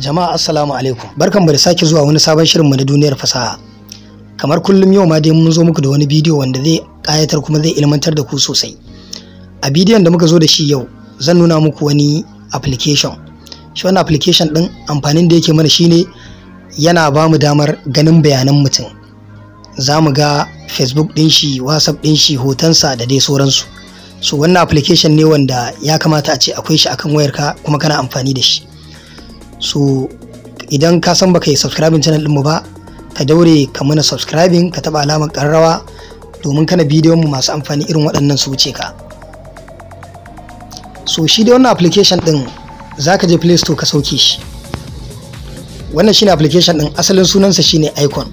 Jama'a assalamu alaikum. mu da sake zuwa wani sabon shirinmu na duniyar fasaha. Kamar kullum yau ma dai mun zo muku da wani bidiyo wanda zai kayatar kuma zai ilmantar da ku sosai. A bidiyon da muka zo da shi yau zan nuna muku wani application. Shi wannan application din amfanin da yake mana shine yana ba mu damar ganin bayanan mutum. Za mu ga Facebook ɗin shi, WhatsApp ɗin shi, hotonsa da dai sauransu. So wannan application ne wanda ya kamata a ce akwai shi akan wayarka kuma kana amfani da shi. so idan ka san baka yi subscribing channel mu ba ka daure ka mana subscribing ka taba alamar karrawa domin kana bidiyon mu masu amfani irin waɗannan su wuce ka so shi dai wannan application ɗin za je play store ka sauke shi wannan shine application ɗin asalin sunansa shine icon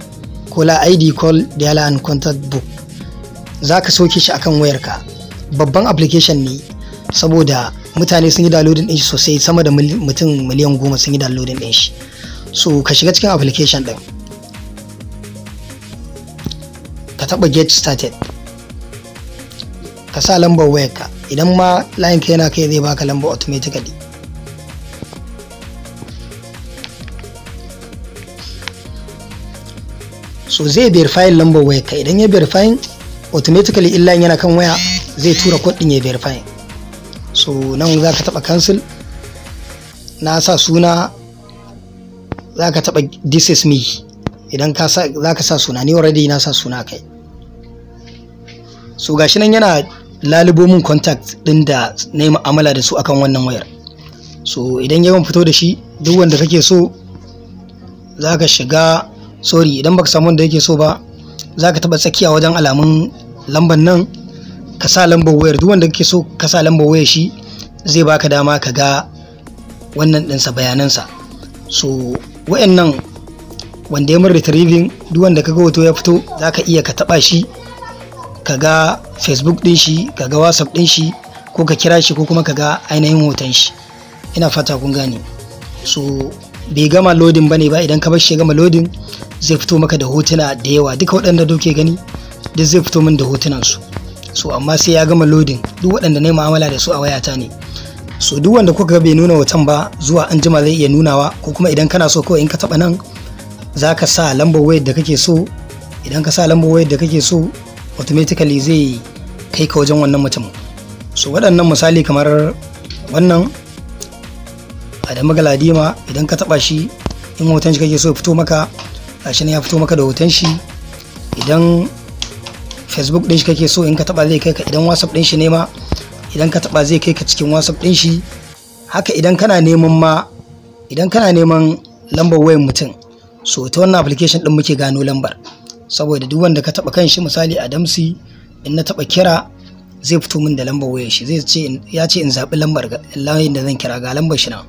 ko la id call dial and contact book zaka sauke shi akan wayarka babban application ne saboda mutane sun yi downloading ɗin shi sosai sama da mutum miliyan goma sun yi downloading ɗin shi so ka shiga cikin application ɗin. ka taɓa get started ka sa lambar wayarka idan ma layin ka yana kai zai baka lambar automatically so zai verify lambar wayarka idan ya verify automatically illa yana kan waya zai tura kodin ya verify so nan za ka taba cancel na sa suna za ka taba this is me idan za ka sa suna ni already na sa suna kai so gashi nan yana lalubo min contact din da na yi mu'amala da su akan wannan wayar so idan yawan fito da shi duk wanda kake so za ka shiga sorry idan baka samu wanda yake so ba za ka taba tsakiya wajen alamun lambar nan ka sa lambar wayar duk wanda kake so ka sa lambar wayar shi zai baka dama ka ga wannan ɗinsa bayanansa so wayannan wanda ya mun retrieving duk wanda ga hoto ya fito za ka iya ka taɓa shi ka ga facebook ɗin shi ka ga whatsapp ɗin shi ko ka kira shi ko kuma ka ga ainihin hoton shi ina fata kun gane so bai gama lodin ba ne ba idan ka bar shi gama lodin zai fito maka da hotuna da yawa duka waɗanda duke gani duk zai fito min da hotunan su so amma sai ya gama loading duk waɗanda na yi mu'amala da su a wayata ne so duk wanda kuka ga bai nuna hoton ba zuwa an jima zai iya nunawa ko kuma idan kana so kawai in ka taɓa nan za ka sa lambar wayar da kake so idan ka sa lambar wayar da kake so automatically zai kai ka wajen wannan mutum so waɗannan misali kamar wannan adamu galadima idan ka taɓa shi in hoton shi kake so ya fito maka gashi ya fito maka da hoton shi idan facebook din shi kake so in ka taba zai kai ka idan whatsapp din shi ne ma idan ka taba zai kai ka cikin whatsapp din shi haka idan kana neman ma idan kana neman lambar wayan mutum so ta wannan application din muke gano lambar saboda duk wanda ka taba kan shi misali adamsi in na taba kira zai fito min da lambar wayar shi zai ce ya ce in zaɓi lambar layin da zan kira ga lambar shi na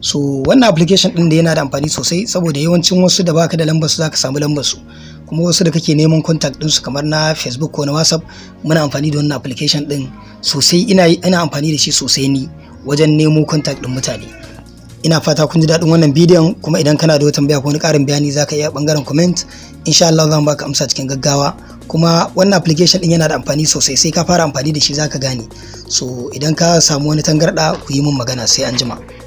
so wannan application din da yana da amfani sosai saboda yawancin wasu da baka da lambar su zaka samu lambar su kuma wasu da kake neman contact ɗinsu kamar na facebook ko na whatsapp muna amfani da wannan application ɗin sosai ina, amfani da shi sosai ni wajen nemo kontak ɗin mutane ina fata kun ji daɗin wannan bidiyon kuma idan kana da wata tambaya ko wani ƙarin bayani zaka iya ɓangaren comment insha Allah zan baka amsa cikin gaggawa kuma wannan application din yana da amfani sosai sai ka fara amfani da shi zaka gane so idan ka samu wani tangarɗa ku yi min magana sai an jima.